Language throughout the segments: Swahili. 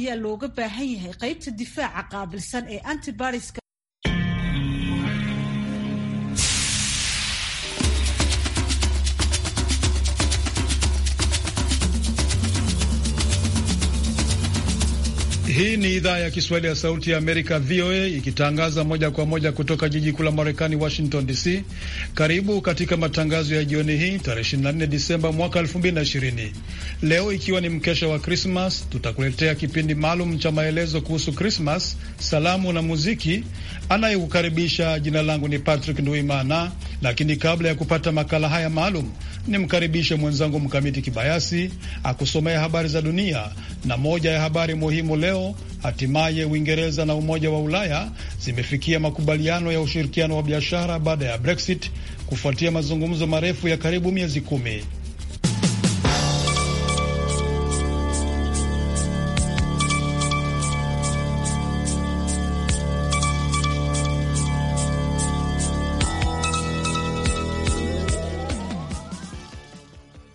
ayaa looga baahan yahay qaybta difaaca qaabilsan ee antibodies Hii ni idhaa ya Kiswahili ya Sauti ya Amerika, VOA, ikitangaza moja kwa moja kutoka jiji kuu la Marekani, Washington DC. Karibu katika matangazo ya jioni hii tarehe 24 Disemba mwaka 2020. Leo ikiwa ni mkesha wa Krismas, tutakuletea kipindi maalum cha maelezo kuhusu Krismas, salamu na muziki. Anayekukaribisha jina langu ni Patrick Nduimana lakini kabla ya kupata makala haya maalum, nimkaribishe mwenzangu Mkamiti Kibayasi akusomea habari za dunia. Na moja ya habari muhimu leo, hatimaye Uingereza na Umoja wa Ulaya zimefikia makubaliano ya ushirikiano wa biashara baada ya Brexit kufuatia mazungumzo marefu ya karibu miezi kumi.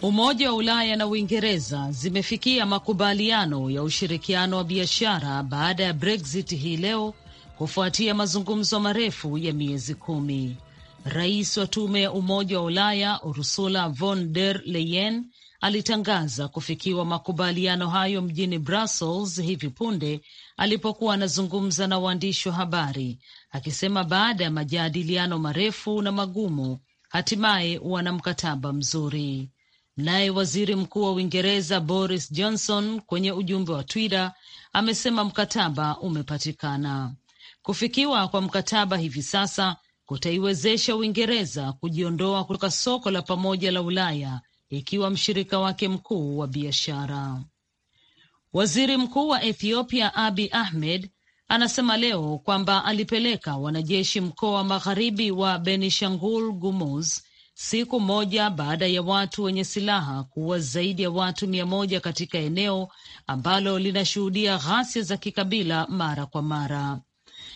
Umoja wa Ulaya na Uingereza zimefikia makubaliano ya ushirikiano wa biashara baada ya Brexit hii leo kufuatia mazungumzo marefu ya miezi kumi. Rais wa tume ya Umoja wa Ulaya Ursula von der Leyen alitangaza kufikiwa makubaliano hayo mjini Brussels hivi punde alipokuwa anazungumza na waandishi wa habari, akisema baada ya majadiliano marefu na magumu, hatimaye wana mkataba mzuri. Naye waziri mkuu wa Uingereza Boris Johnson kwenye ujumbe wa Twitter amesema mkataba umepatikana. Kufikiwa kwa mkataba hivi sasa kutaiwezesha Uingereza kujiondoa kutoka soko la pamoja la Ulaya ikiwa mshirika wake mkuu wa biashara. Waziri mkuu wa Ethiopia Abi Ahmed anasema leo kwamba alipeleka wanajeshi mkoa wa magharibi wa Benishangul Gumuz siku moja baada ya watu wenye silaha kuua zaidi ya watu mia moja katika eneo ambalo linashuhudia ghasia za kikabila mara kwa mara.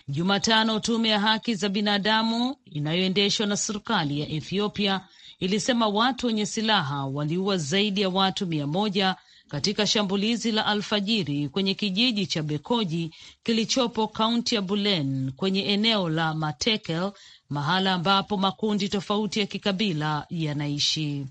Jumatano, tume ya haki za binadamu inayoendeshwa na serikali ya Ethiopia ilisema watu wenye silaha waliua zaidi ya watu mia moja katika shambulizi la alfajiri kwenye kijiji cha Bekoji kilichopo kaunti ya Bulen kwenye eneo la Matekel mahala ambapo makundi tofauti ya kikabila yanaishi.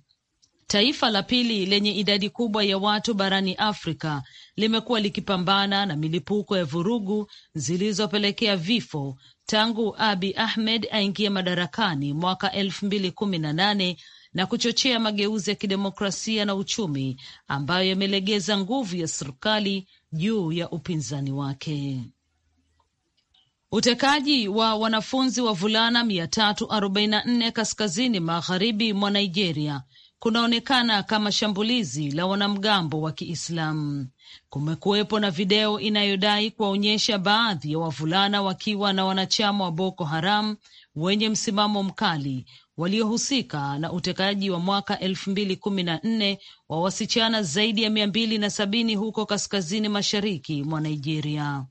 Taifa la pili lenye idadi kubwa ya watu barani Afrika limekuwa likipambana na milipuko ya vurugu zilizopelekea vifo tangu Abi Ahmed aingie madarakani mwaka elfu mbili kumi na nane na kuchochea mageuzi ya kidemokrasia na uchumi ambayo yamelegeza nguvu ya serikali juu ya upinzani wake. Utekaji wa wanafunzi wa vulana 344 kaskazini magharibi mwa Nigeria kunaonekana kama shambulizi la wanamgambo wa Kiislamu. Kumekuwepo na video inayodai kuwaonyesha baadhi ya wavulana wakiwa na wanachama wa Boko Haram wenye msimamo mkali waliohusika na utekaji wa mwaka elfu mbili kumi na nne wa wasichana zaidi ya mia mbili na sabini huko kaskazini mashariki mwa Nigeria,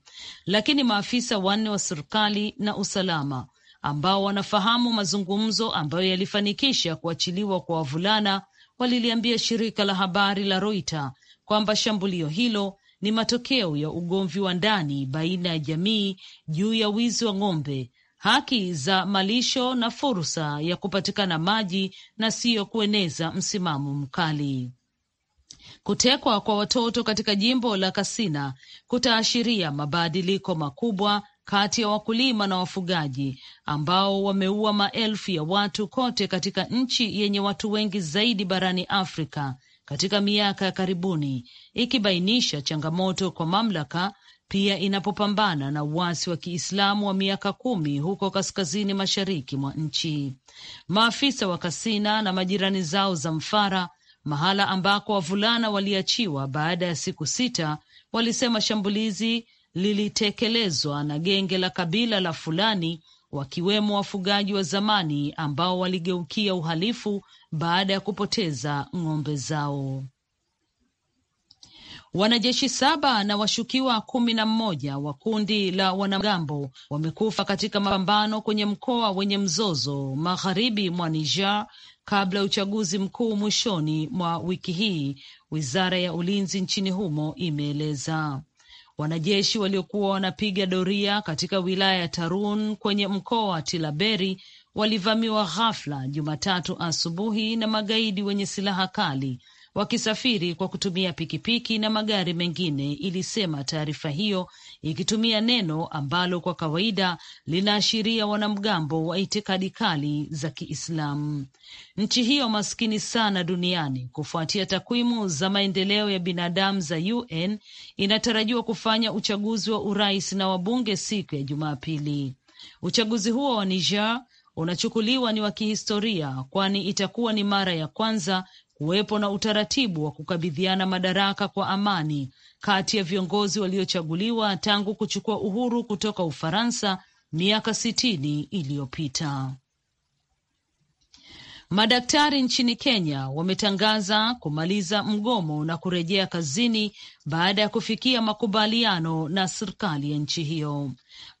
lakini maafisa wanne wa serikali na usalama ambao wanafahamu mazungumzo ambayo yalifanikisha kuachiliwa kwa wavulana waliliambia shirika la habari la Reuters kwamba shambulio hilo ni matokeo ya ugomvi wa ndani baina ya jamii juu ya wizi wa ng'ombe haki za malisho na fursa ya kupatikana maji na siyo kueneza msimamo mkali. Kutekwa kwa watoto katika jimbo la Kasina kutaashiria mabadiliko makubwa kati ya wakulima na wafugaji ambao wameua maelfu ya watu kote katika nchi yenye watu wengi zaidi barani Afrika katika miaka ya karibuni, ikibainisha changamoto kwa mamlaka pia inapopambana na uasi wa Kiislamu wa miaka kumi huko kaskazini mashariki mwa nchi. Maafisa wa Kasina na majirani zao Zamfara, mahala ambako wavulana waliachiwa baada ya siku sita, walisema shambulizi lilitekelezwa na genge la kabila la Fulani, wakiwemo wafugaji wa zamani ambao waligeukia uhalifu baada ya kupoteza ng'ombe zao. Wanajeshi saba na washukiwa kumi na mmoja wa kundi la wanamgambo wamekufa katika mapambano kwenye mkoa wenye mzozo magharibi mwa Niger kabla ya uchaguzi mkuu mwishoni mwa wiki hii, wizara ya ulinzi nchini humo imeeleza. Wanajeshi waliokuwa wanapiga doria katika wilaya ya Tarun kwenye mkoa wa Tilaberi walivamiwa ghafla Jumatatu asubuhi na magaidi wenye silaha kali wakisafiri kwa kutumia pikipiki na magari mengine, ilisema taarifa hiyo, ikitumia neno ambalo kwa kawaida linaashiria wanamgambo wa itikadi kali za Kiislamu. Nchi hiyo maskini sana duniani, kufuatia takwimu za maendeleo ya binadamu za UN, inatarajiwa kufanya uchaguzi wa urais na wabunge siku ya Jumapili. Uchaguzi huo wa Niger unachukuliwa ni wa kihistoria kwani itakuwa ni mara ya kwanza kuwepo na utaratibu wa kukabidhiana madaraka kwa amani kati ya viongozi waliochaguliwa tangu kuchukua uhuru kutoka Ufaransa miaka sitini iliyopita. Madaktari nchini Kenya wametangaza kumaliza mgomo na kurejea kazini baada ya kufikia makubaliano na serikali ya nchi hiyo.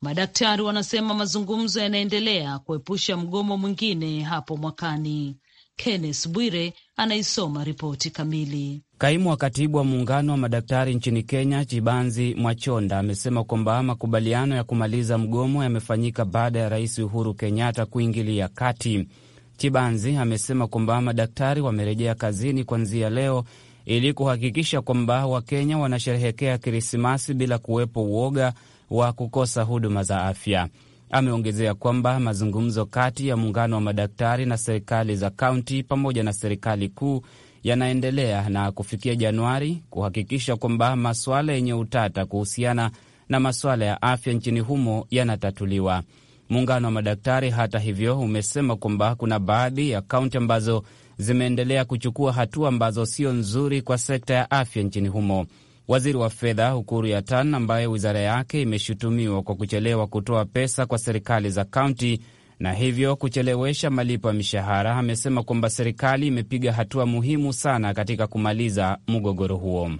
Madaktari wanasema mazungumzo yanaendelea kuepusha mgomo mwingine hapo mwakani. Kenneth Bwire anaisoma ripoti kamili. Kaimu wa katibu wa muungano wa madaktari nchini Kenya, Chibanzi Mwachonda, amesema kwamba makubaliano ya kumaliza mgomo yamefanyika baada ya Rais Uhuru Kenyatta kuingilia kati. Chibanzi amesema kwamba madaktari wamerejea kazini kuanzia leo ili kuhakikisha kwamba Wakenya wanasherehekea Krismasi bila kuwepo uoga wa kukosa huduma za afya. Ameongezea kwamba mazungumzo kati ya muungano wa madaktari na serikali za kaunti pamoja na serikali kuu yanaendelea na kufikia Januari kuhakikisha kwamba masuala yenye utata kuhusiana na masuala ya afya nchini humo yanatatuliwa. Muungano wa madaktari hata hivyo, umesema kwamba kuna baadhi ya kaunti ambazo zimeendelea kuchukua hatua ambazo sio nzuri kwa sekta ya afya nchini humo. Waziri wa fedha Ukuru Yatan, ambaye wizara yake imeshutumiwa kwa kuchelewa kutoa pesa kwa serikali za kaunti na hivyo kuchelewesha malipo ya mishahara, amesema kwamba serikali imepiga hatua muhimu sana katika kumaliza mgogoro huo.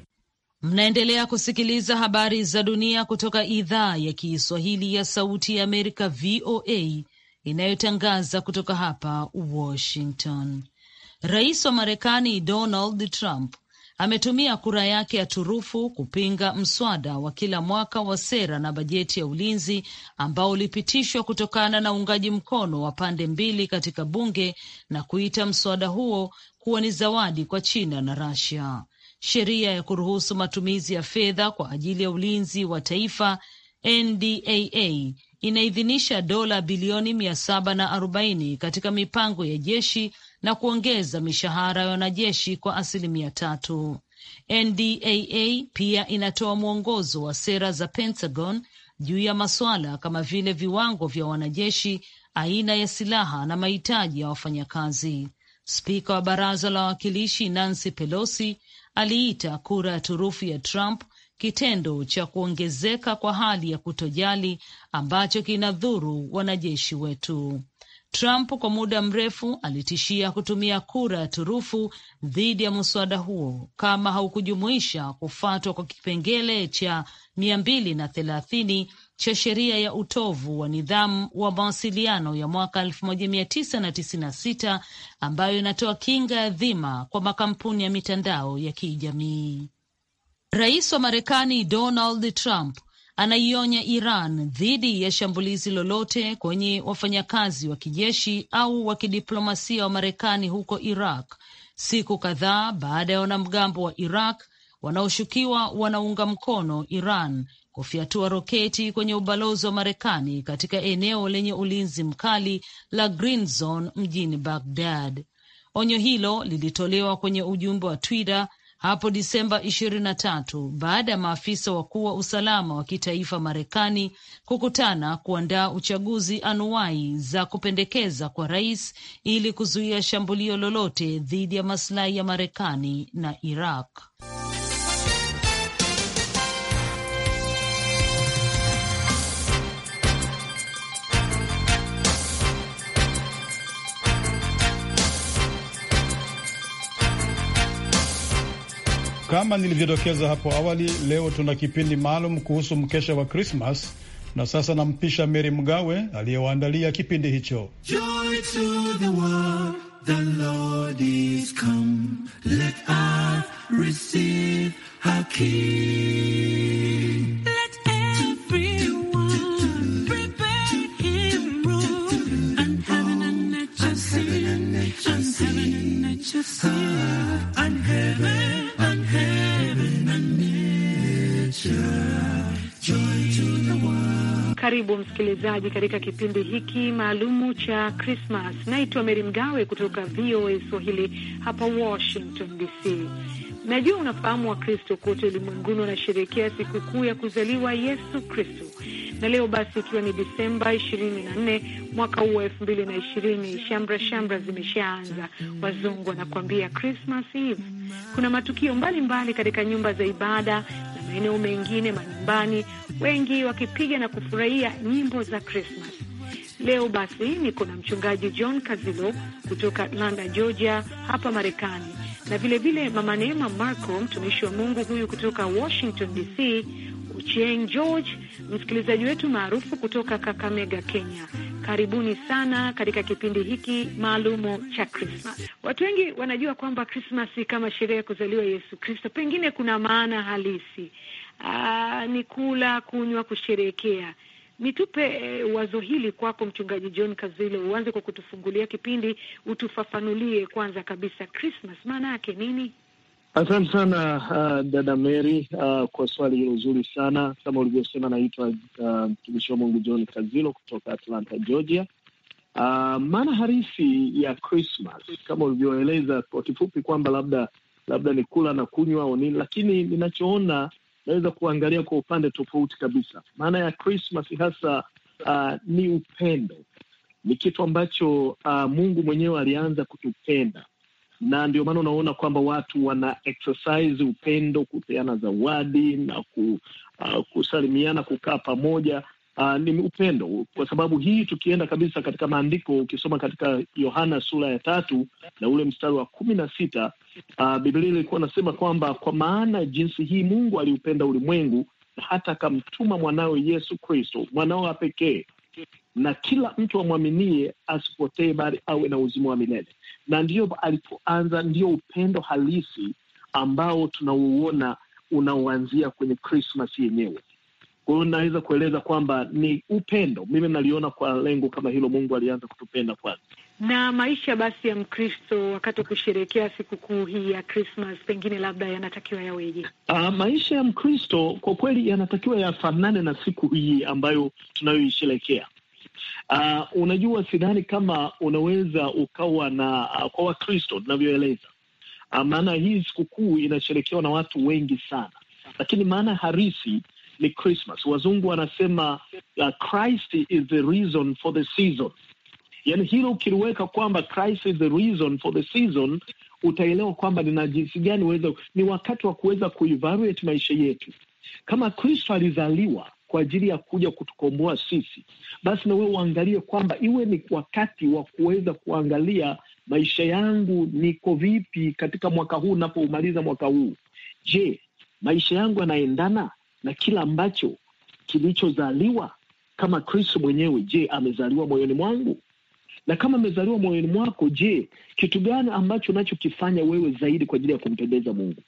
Mnaendelea kusikiliza habari za dunia kutoka idhaa ya Kiswahili ya Sauti ya Amerika, VOA, inayotangaza kutoka hapa Washington. Rais wa Marekani Donald Trump ametumia kura yake ya turufu kupinga mswada wa kila mwaka wa sera na bajeti ya ulinzi ambao ulipitishwa kutokana na uungaji mkono wa pande mbili katika bunge na kuita mswada huo kuwa ni zawadi kwa China na Russia. Sheria ya kuruhusu matumizi ya fedha kwa ajili ya ulinzi wa taifa NDAA inaidhinisha dola bilioni mia saba na arobaini katika mipango ya jeshi na kuongeza mishahara ya wanajeshi kwa asilimia tatu. NDAA pia inatoa mwongozo wa sera za Pentagon juu ya masuala kama vile viwango vya wanajeshi, aina ya silaha na mahitaji ya wafanyakazi. Spika wa baraza la wawakilishi Nancy Pelosi aliita kura ya turufu ya Trump kitendo cha kuongezeka kwa hali ya kutojali ambacho kinadhuru wanajeshi wetu. Trump kwa muda mrefu alitishia kutumia kura ya turufu dhidi ya muswada huo kama haukujumuisha kufuatwa kwa kipengele cha mia mbili na thelathini cha sheria ya utovu wa nidhamu wa mawasiliano ya mwaka 1996 ambayo inatoa kinga ya dhima kwa makampuni ya mitandao ya kijamii. Rais wa Marekani Donald Trump anaionya Iran dhidi ya shambulizi lolote kwenye wafanyakazi wa kijeshi au wa kidiplomasia wa Marekani huko Iraq, siku kadhaa baada ya wanamgambo wa Iraq wanaoshukiwa wanaunga mkono Iran kufyatua roketi kwenye ubalozi wa Marekani katika eneo lenye ulinzi mkali la Green Zone mjini Baghdad. Onyo hilo lilitolewa kwenye ujumbe wa Twitter hapo Disemba 23 baada ya maafisa wakuu wa usalama wa kitaifa Marekani kukutana kuandaa uchaguzi anuwai za kupendekeza kwa rais ili kuzuia shambulio lolote dhidi ya masilahi ya Marekani na Iraq. Kama nilivyodokeza hapo awali, leo tuna kipindi maalum kuhusu mkesha wa Krismas, na sasa nampisha Meri Mgawe aliyewaandalia kipindi hicho. Joy to the world, the Lord is come. Let receive her King. Karibu msikilizaji katika kipindi hiki maalumu cha Krismas. Naitwa Meri Mgawe kutoka VOA Swahili hapa Washington DC. Najua unafahamu Wakristo kote ulimwenguni wanasherehekea sikukuu ya kuzaliwa Yesu Kristo, na leo basi, ikiwa ni Disemba 24 mwaka huu wa 2020, shamra shamra zimeshaanza. Wazungu wanakuambia Christmas Eve. Kuna matukio mbalimbali mbali katika nyumba za ibada maeneo mengine manyumbani, wengi wakipiga na kufurahia nyimbo za Krismas. Leo basi niko na mchungaji John Kazilo kutoka Atlanta, Georgia hapa Marekani, na vilevile Mama Neema marco mtumishi wa Mungu huyu kutoka Washington DC, Ochieng George, msikilizaji wetu maarufu kutoka Kakamega, Kenya. Karibuni sana katika kipindi hiki maalumu cha Krismas. Watu wengi wanajua kwamba Krismas kama sherehe ya kuzaliwa Yesu Kristo, pengine kuna maana halisi. Aa, ni kula, kunywa, kusherehekea. Nitupe eh, wazo hili kwako, Mchungaji John Kazilo, uanze kwa kutufungulia kipindi, utufafanulie kwanza kabisa Krismas maana yake nini? Asante sana uh, dada Mary uh, kwa swali hilo zuri sana. Kama ulivyosema, naitwa uh, mtumishi uh, wa Mungu John Kazilo kutoka Atlanta, Georgia. Uh, maana harisi ya Christmas kama ulivyoeleza kwa kifupi kwamba labda labda ni kula na kunywa au nini, lakini ninachoona naweza kuangalia kwa upande tofauti kabisa. Maana ya Christmas hasa uh, ni upendo, ni kitu ambacho uh, Mungu mwenyewe alianza kutupenda na ndio maana unaona kwamba watu wana exercise upendo, kupeana zawadi na ku, uh, kusalimiana, kukaa pamoja. Uh, ni upendo kwa sababu hii, tukienda kabisa katika maandiko, ukisoma katika Yohana sura ya tatu na ule mstari wa kumi na sita uh, Biblia ilikuwa nasema kwamba kwa maana jinsi hii Mungu aliupenda ulimwengu na hata akamtuma mwanawe Yesu Kristo mwanao wa pekee, na kila mtu amwaminie asipotee, bali awe na uzima wa milele na ndiyo alipoanza, ndio upendo halisi ambao tunauona unaoanzia kwenye Krismas yenyewe. Kwa hiyo naweza kueleza kwamba ni upendo, mimi naliona kwa lengo kama hilo, Mungu alianza kutupenda kwanza. Na maisha basi ya Mkristo wakati wa kusherehekea sikukuu hii ya Krismas, pengine labda yanatakiwa yaweje? Uh, maisha ya Mkristo kwa kweli yanatakiwa yafanane na siku hii ambayo tunayoisherehekea Uh, unajua sidhani kama unaweza ukawa na uh, kwa Wakristo tunavyoeleza uh, maana hii sikukuu inasherekewa na watu wengi sana, lakini maana harisi ni Christmas. Wazungu wanasema uh, Christ is the reason for the season. Yani hilo ukiliweka kwamba Christ is the reason for the season, utaelewa kwamba nina jinsi gani ni wakati wa kuweza kuevaluate maisha yetu. Kama Kristo alizaliwa kwa ajili ya kuja kutukomboa sisi, basi na wewe uangalie kwamba iwe ni wakati wa kuweza kuangalia maisha yangu niko vipi katika mwaka huu, napoumaliza mwaka huu. Je, maisha yangu yanaendana na kila ambacho kilichozaliwa kama Kristo mwenyewe? Je, amezaliwa moyoni mwangu? Na kama amezaliwa moyoni mwako, je, kitu gani ambacho unachokifanya wewe zaidi kwa ajili ya kumpendeza Mungu?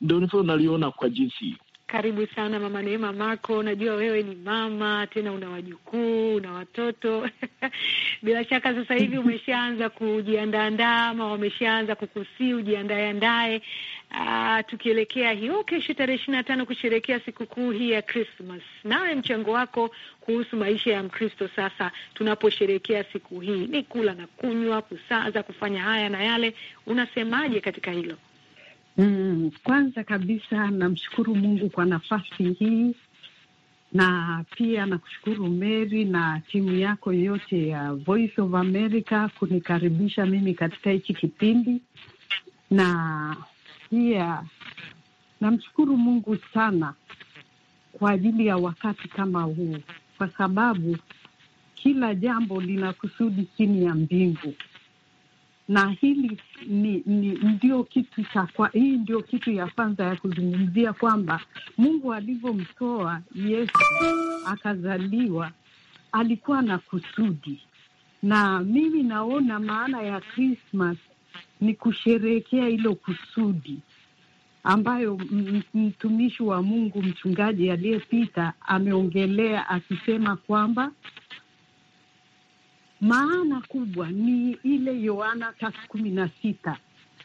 Ndio naliona kwa jinsi hiyo karibu sana Mama Neema Mako, najua wewe ni mama tena, una wajukuu, una watoto bila shaka sasa hivi umeshaanza kujiandaandaa ama wameshaanza kukusii ujiandaeandae, ah, tukielekea hiyo kesho tarehe ishirini na tano kusherekea sikukuu hii ya Christmas. Nawe mchango wako kuhusu maisha ya Mkristo sasa tunaposherekea siku hii ni kula na kunywa, kusaza, kufanya haya na yale, unasemaje katika hilo? Mm, kwanza kabisa namshukuru Mungu kwa nafasi hii na pia nakushukuru Mary na timu yako yote ya Voice of America kunikaribisha mimi katika hichi kipindi, na pia namshukuru Mungu sana kwa ajili ya wakati kama huu, kwa sababu kila jambo lina kusudi chini ya mbingu na hili ni, ni ndio kitu cha kwa, hii ndio kitu ya kwanza ya kuzungumzia kwamba Mungu alivyomtoa Yesu akazaliwa alikuwa na kusudi, na mimi naona maana ya Christmas ni kusherehekea hilo kusudi ambayo mtumishi wa Mungu mchungaji aliyepita ameongelea akisema kwamba maana kubwa ni ile Yohana tatu kumi na sita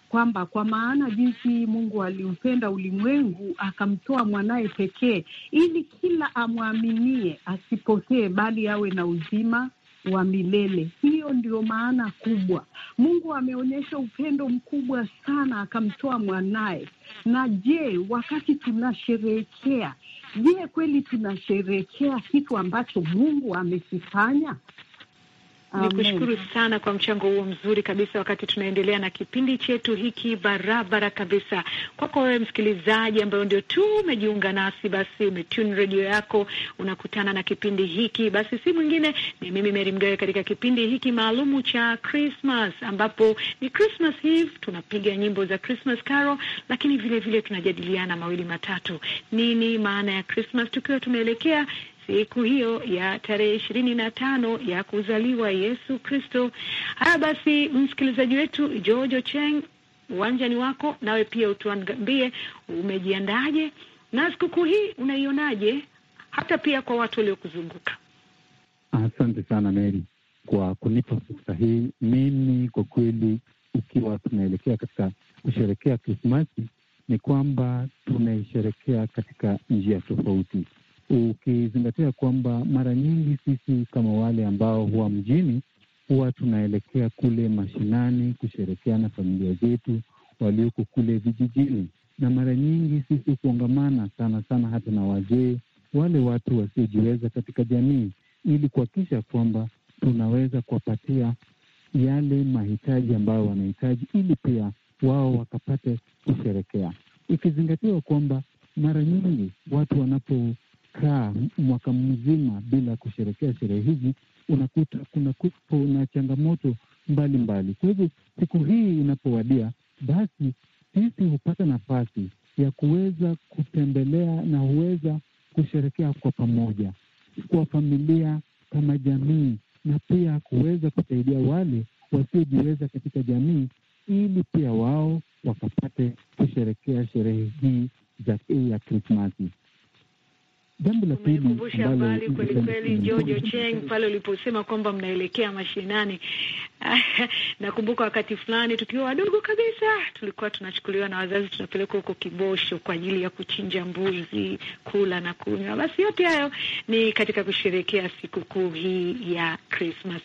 kwamba kwa maana jinsi Mungu aliupenda ulimwengu akamtoa mwanaye pekee, ili kila amwaminie asipotee, bali awe na uzima wa milele. Hiyo ndio maana kubwa. Mungu ameonyesha upendo mkubwa sana akamtoa mwanaye. Na je, wakati tunasherehekea, je, kweli tunasherehekea kitu ambacho Mungu amekifanya? Ni kushukuru sana kwa mchango huo mzuri kabisa, wakati tunaendelea na kipindi chetu hiki barabara kabisa. Kwako wewe msikilizaji, ambayo ndio tu umejiunga nasi, basi umetune redio yako, unakutana na kipindi hiki, basi si mwingine ni mimi Meri Mgawe katika kipindi hiki maalumu cha Christmas, ambapo ni Christmas Eve, tunapiga nyimbo za Christmas carol, lakini vilevile vile tunajadiliana mawili matatu, nini maana ya Christmas, tukiwa tumeelekea siku hiyo ya tarehe ishirini na tano ya kuzaliwa Yesu Kristo. Haya basi, msikilizaji wetu Jojo Cheng, uwanjani wako nawe, pia utuambie umejiandaje na sikukuu hii unaionaje, hata pia kwa watu waliokuzunguka. Asante sana Mary kwa kunipa fursa hii. Mimi kwa kweli, ukiwa tunaelekea katika kusherekea Krismasi, ni kwamba tunaisherekea katika njia tofauti ukizingatia kwamba mara nyingi sisi kama wale ambao huwa mjini huwa tunaelekea kule mashinani kusherekea na familia zetu walioko kule vijijini, na mara nyingi sisi kuongamana sana sana hata na wazee, wale watu wasiojiweza katika jamii, ili kuhakikisha kwamba tunaweza kuwapatia yale mahitaji ambayo wanahitaji, ili pia wao wakapate kusherekea, ikizingatiwa kwamba mara nyingi watu wanapo kukaa mwaka mzima bila kusherekea sherehe hizi, unakuta kuna kupo na changamoto mbalimbali. Kwa hivyo siku hii inapowadia, basi sisi hupata nafasi ya kuweza kutembelea na huweza kusherekea kwa pamoja kwa familia kama jamii, na pia kuweza kusaidia wale wasiojiweza katika jamii, ili pia wao wakapate kusherekea sherehe hii za ya Krismasi. Jambo la pili kwelikweli, Jojo Cheng, pale uliposema kwamba mnaelekea mashinani nakumbuka wakati fulani tukiwa wadogo kabisa, tulikuwa tunachukuliwa na wazazi tunapelekwa huko Kibosho kwa ajili ya kuchinja mbuzi, kula na kunywa. Basi yote hayo ni katika kusherehekea sikukuu hii ya krismas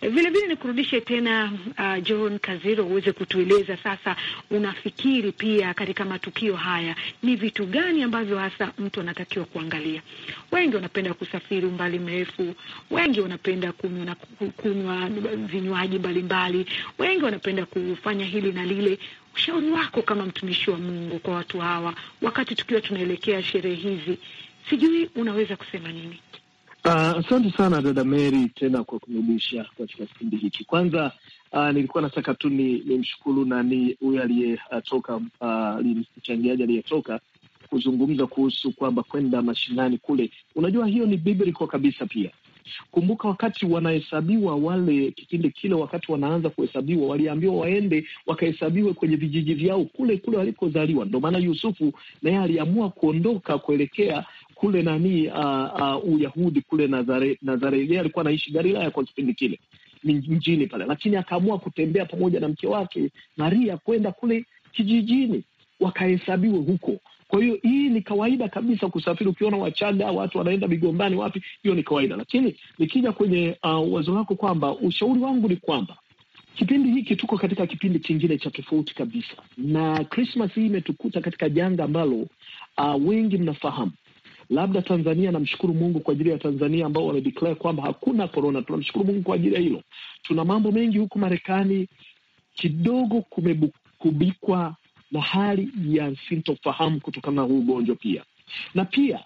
Eh, vile vile nikurudishe tena uh, John Kaziro, uweze kutueleza sasa, unafikiri pia katika matukio haya ni vitu gani ambavyo hasa mtu anatakiwa kuangalia? Wengi wanapenda kusafiri umbali mrefu, wengi wanapenda kunywa kunywa vinywaji mbalimbali, wengi wanapenda kufanya hili na lile. Ushauri wako kama mtumishi wa Mungu kwa watu hawa, wakati tukiwa tunaelekea sherehe hizi, sijui unaweza kusema nini? Ah, asante uh, sana dada Mary tena kwa kunirudisha katika kipindi hiki. Kwanza uh, nilikuwa nataka tu ni, ni nani huyu aliyetoka ah, uh, mchangiaji uh, aliyetoka kuzungumza kuhusu kwamba kwenda mashinani kule, unajua hiyo ni biblical kabisa. Pia kumbuka, wakati wanahesabiwa wale, kipindi kile, wakati wanaanza kuhesabiwa, waliambiwa waende wakahesabiwe kwenye vijiji vyao kule kule walikozaliwa. ndo maana Yusufu naye aliamua kuondoka kuelekea kule nani uh, uh, Uyahudi kule Nazare, Nazareti. Yeye alikuwa anaishi Galilaya kwa kipindi kile mjini pale, lakini akaamua kutembea pamoja na mke wake Maria kwenda kule kijijini, wakahesabiwe huko. Kwa hiyo hii ni kawaida kabisa kusafiri. Ukiona Wachaga watu wanaenda migombani wapi, hiyo ni kawaida. Lakini nikija kwenye uh, wazo lako kwamba ushauri wangu ni kwamba kipindi hiki tuko katika kipindi kingine cha tofauti kabisa, na Krismas hii imetukuta katika janga ambalo uh, wengi mnafahamu Labda Tanzania, namshukuru Mungu kwa ajili ya Tanzania ambao wamedeclare kwamba hakuna korona. Tunamshukuru Mungu kwa ajili ya hilo. Tuna mambo mengi huku Marekani, kidogo kumebukubikwa na hali ya sintofahamu kutokana na huu ugonjwa pia, na pia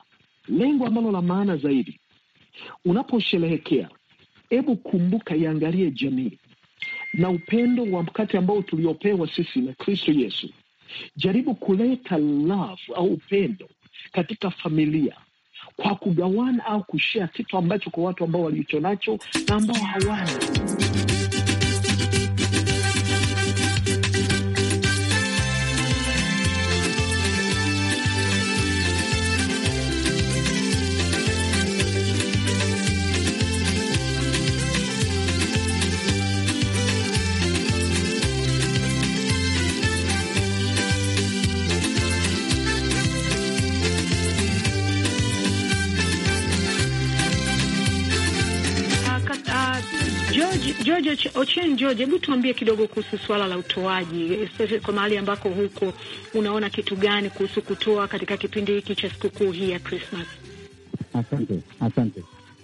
lengo ambalo la maana zaidi, unaposherehekea hebu kumbuka, iangalie jamii na upendo wa mkate ambao tuliopewa sisi na Kristo Yesu. Jaribu kuleta love au upendo katika familia kwa kugawana au kushea kitu ambacho kwa watu ambao walicho nacho na ambao hawana George Ochen, George, hebu tuambie kidogo kuhusu swala la utoaji, especially kwa mahali ambako huko, unaona kitu gani kuhusu kutoa katika kipindi hiki cha sikukuu hii ya Christmas? Asante, asante.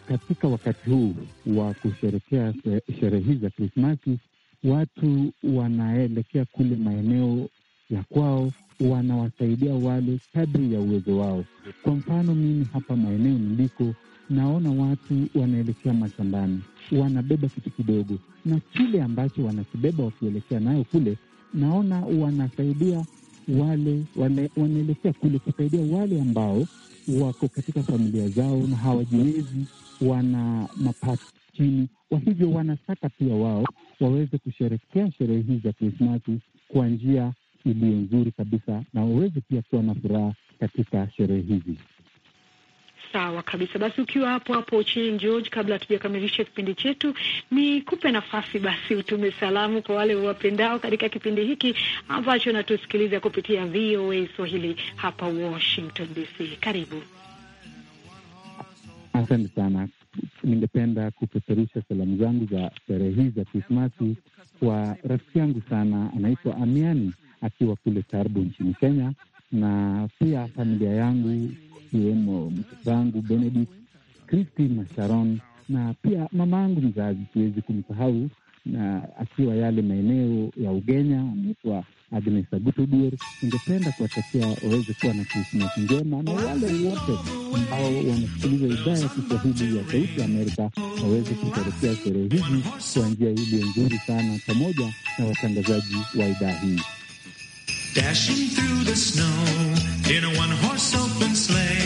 Katika wakati huu wa kusherekea sherehe hizi za Krismasi, watu wanaelekea kule maeneo ya kwao, wanawasaidia wale kadri ya uwezo wao. Kwa mfano, mimi hapa maeneo niliko naona watu wanaelekea mashambani, wanabeba kitu kidogo, na kile ambacho wanakibeba wakielekea nayo kule, naona wanasaidia wale, wale wanaelekea kule kusaidia wale ambao wako katika familia zao na hawajiwezi, wana mapato chini. Kwa hivyo wanataka pia wao waweze kusherekea sherehe hizi za Krismasi kwa njia iliyo nzuri kabisa, na waweze pia kuwa na furaha katika sherehe hizi. Sawa kabisa. Basi ukiwa hapo hapo chini George, kabla hatujakamilisha kipindi chetu, ni kupe nafasi basi utume salamu kwa wale wapendao katika kipindi hiki ambacho natusikiliza kupitia VOA Swahili hapa Washington DC. Karibu. Asante sana. Ningependa kupeperusha salamu zangu za sherehe hii za Krismasi kwa rafiki yangu sana, anaitwa Amiani akiwa kule Tarbu nchini Kenya, na pia familia yangu ikiwemo mtoto wangu Benedict, Christine na Sharon na pia mama yangu mzazi, siwezi kumsahau na akiwa yale maeneo ya Ugenya anaitwa Agnes Agutudier. Ningependa kuwatakia waweze kuwa na Krismasi njema, na wale wote ambao wanasikiliza idhaa ya Kiswahili ya Sauti Amerika waweze kusherekea sherehe hizi kwa njia iliyo nzuri sana, pamoja na watangazaji wa idhaa hii. in a one horse open sleigh.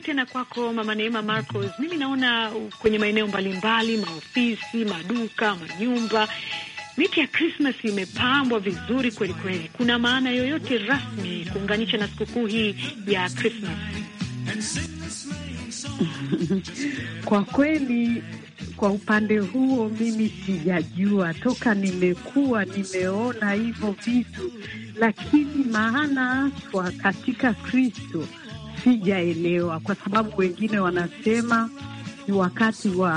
Nirudi tena kwako Mama Neema Marcos. Mimi naona kwenye maeneo mbalimbali, maofisi, maduka, manyumba, miti ya Krismas imepambwa vizuri kweli kweli. Kuna maana yoyote rasmi kuunganisha na sikukuu hii ya Krismas? Kwa kweli kwa upande huo mimi sijajua toka nimekuwa nimeona hivyo vitu, lakini maana haswa katika Kristo sijaelewa, kwa sababu wengine wanasema ni wakati wa,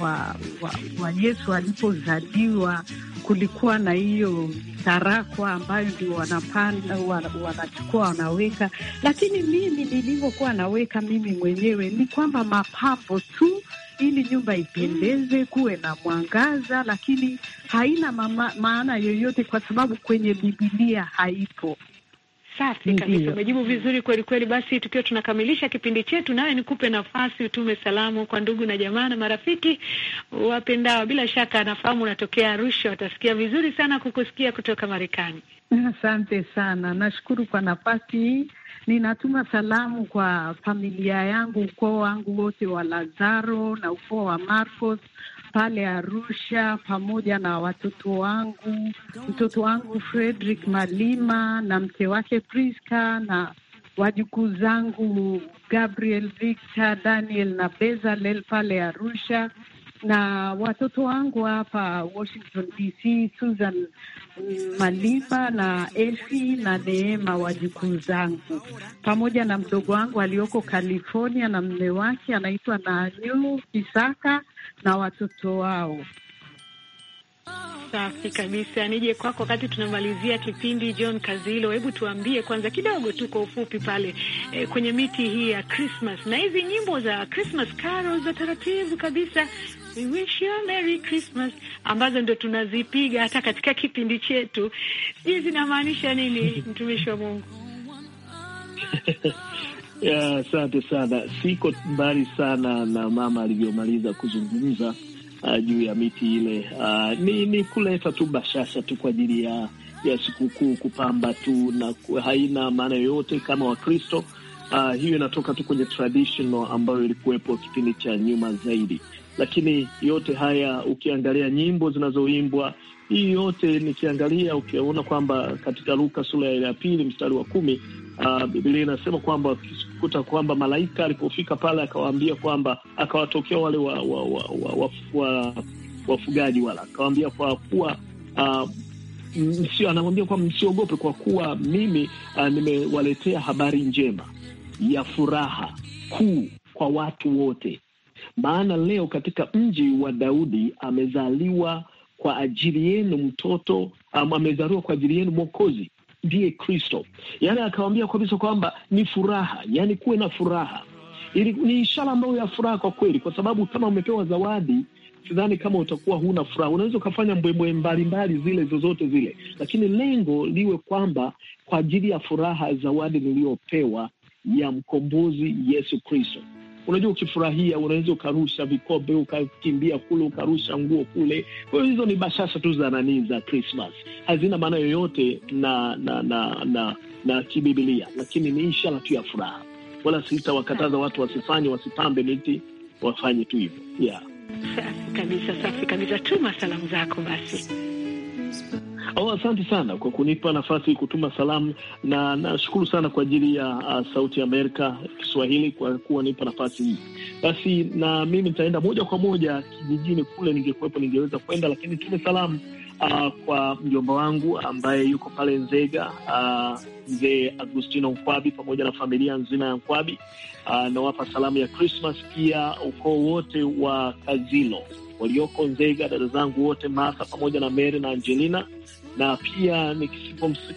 wa, wa, wa Yesu alipozaliwa kulikuwa na hiyo sarakwa ambayo ndio wanapanda wanachukua wanaweka, lakini mimi nilivyokuwa naweka mimi mwenyewe ni kwamba mapambo tu ili nyumba ipendeze, kuwe na mwangaza, lakini haina mama, maana yoyote kwa sababu kwenye Bibilia haipo. Safi kabisa, umejibu vizuri kweli kweli. Basi tukiwa tunakamilisha kipindi chetu, nawe nikupe nafasi utume salamu kwa ndugu na jamaa na marafiki wapendao. Bila shaka nafahamu unatokea Arusha, watasikia vizuri sana kukusikia kutoka Marekani. Asante sana, nashukuru kwa nafasi. hii Ninatuma salamu kwa familia yangu, ukoo wangu wote wa Lazaro na ukoo wa Marcos pale Arusha pamoja na watoto wangu, mtoto wangu Frederick Malima na mke wake Priska na wajukuu zangu Gabriel Victor, Daniel na Bezalel pale Arusha na watoto wangu hapa Washington DC, Susan Malimba na Efi na Neema, wajukuu zangu, pamoja na mdogo wangu alioko California na mme wake anaitwa Nanu Kisaka na watoto wao. Safi kabisa. Nije kwako wakati tunamalizia kipindi, John Kazilo, hebu tuambie kwanza kidogo tu kwa ufupi pale e, kwenye miti hii ya Christmas na hizi nyimbo za Christmas carols za taratibu kabisa We wish you a Merry Christmas ambazo ndo tunazipiga hata katika kipindi chetu. Sijui zinamaanisha nini, mtumishi wa Mungu? Asante sana, siko mbali sana na mama alivyomaliza kuzungumza uh, juu ya miti ile. Uh, ni, ni kuleta tu bashasha tu kwa ajili ya ya sikukuu kupamba tu, na haina maana yoyote kama Wakristo. Uh, hiyo inatoka tu kwenye traditional ambayo ilikuwepo kipindi cha nyuma zaidi. Lakini yote haya ukiangalia nyimbo zinazoimbwa hii yote nikiangalia, ukiona kwamba katika Luka sura ya pili mstari wa kumi uh, Biblia inasema kwamba ukikuta kwamba malaika alipofika pale akawaambia kwamba akawatokea wale wa, wa, wa, wa, wa, wa, wafugaji wala akawaambia kwa kuwa uh, msio, anamwambia kwamba msiogope kwa kuwa mimi uh, nimewaletea habari njema ya furaha kuu kwa watu wote maana leo katika mji wa Daudi amezaliwa kwa ajili yenu mtoto um, amezaliwa kwa ajili yenu Mwokozi ndiye Kristo. yani akawambia kabisa kwamba ni furaha, yani kuwe na furaha. Ili, ni ishara ambayo ya furaha kwa kweli, kwa sababu kama umepewa zawadi sidhani kama utakuwa huna furaha. Unaweza ukafanya mbwembwe mbalimbali zile zozote zile, lakini lengo liwe kwamba kwa ajili ya furaha zawadi niliyopewa ya mkombozi Yesu Kristo. Unajua, ukifurahia unaweza ukarusha vikombe, ukakimbia kule, ukarusha nguo kule. Kwa hiyo hizo ni bashasha tu za nanii za Krismas, hazina maana yoyote na na na na, na kibibilia, lakini ni ishara tu ya furaha. Wala sitawakataza watu wasifanye, wasipambe miti, wafanye tu hivyo yeah. Safi kabisa, safi kabisa. Tuma salamu zako basi. Oh, asante sana kwa kunipa nafasi kutuma salamu, na nashukuru sana kwa ajili ya uh, Sauti ya Amerika Kiswahili kwa nipa nafasi hii. Basi na mimi nitaenda moja kwa moja kijijini kule ningekuwepo, ningeweza kwenda, lakini tume salamu uh, kwa mjomba wangu ambaye yuko pale Nzega, uh, mzee Agustino Nkwabi pamoja na familia nzima ya Nkwabi. Uh, nawapa salamu ya Krismas, pia ukoo wote wa Kazilo walioko Nzega, dada zangu wote Martha pamoja na Mary na Angelina na pia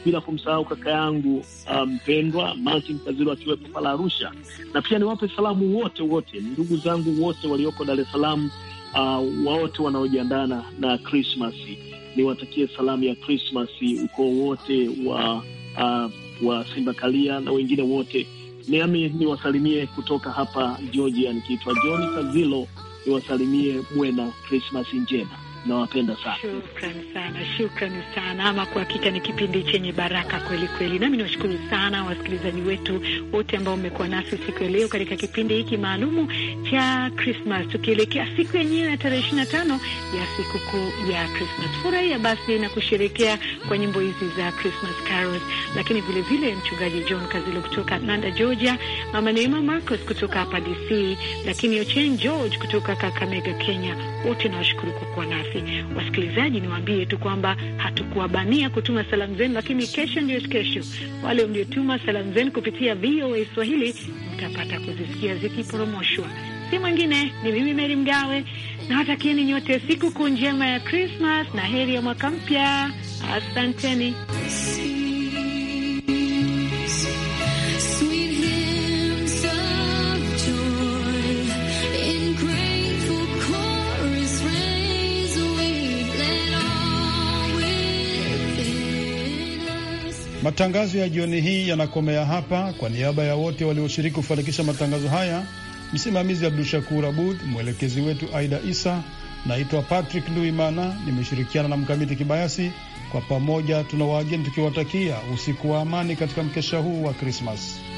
bila kumsahau kaka yangu uh, mpendwa um, Martin Kaziro akiwepo pala Arusha, na pia niwape salamu wote wote ndugu zangu wote walioko Dar es Salaam uh, wote wanaojiandana na krismas niwatakie salamu ya Krismas ukoo wote wa uh, wa Simba Kalia na wengine wote nami niwasalimie kutoka hapa Georgia, nikiitwa John Kazilo, niwasalimie mwe na Krismasi njema nawapenda sana. sana, sana. Ama kwa hakika ni kipindi chenye baraka kweli kweli, nami niwashukuru sana wasikilizaji wetu wote ambao mmekuwa nasi siku ya leo katika kipindi hiki maalumu cha Krismas, tukielekea siku yenyewe ya tarehe ishirini na tano ya sikukuu ya Krismas. Furahia basi na kusherekea kwa nyimbo hizi za Krismas carols, lakini vilevile mchungaji John Kazilo kutoka Atlanta Georgia, mama Neema Marcos kutoka hapa DC, lakini Ochen George kutoka Kakamega Kenya, wote nawashukuru kwa kuwa nasi basi wasikilizaji, niwaambie tu kwamba hatukuwabania kutuma salamu zenu, lakini kesho ndio kesho. Wale mliotuma salamu zenu kupitia VOA Swahili mtapata kuzisikia zikiporomoshwa. Si mwingine ni mimi Meri Mgawe. Nawatakieni nyote sikukuu njema ya Krismas na heri ya mwaka mpya. Asanteni. Matangazo ya jioni hii yanakomea hapa. Kwa niaba ya wote walioshiriki kufanikisha matangazo haya, msimamizi Abdu Shakur Abud, mwelekezi wetu Aida Isa. Naitwa Patrick Nduimana, nimeshirikiana na Mkamiti Kibayasi. Kwa pamoja waageni tukiwatakia usiku wa amani katika mkesha huu wa Krismas.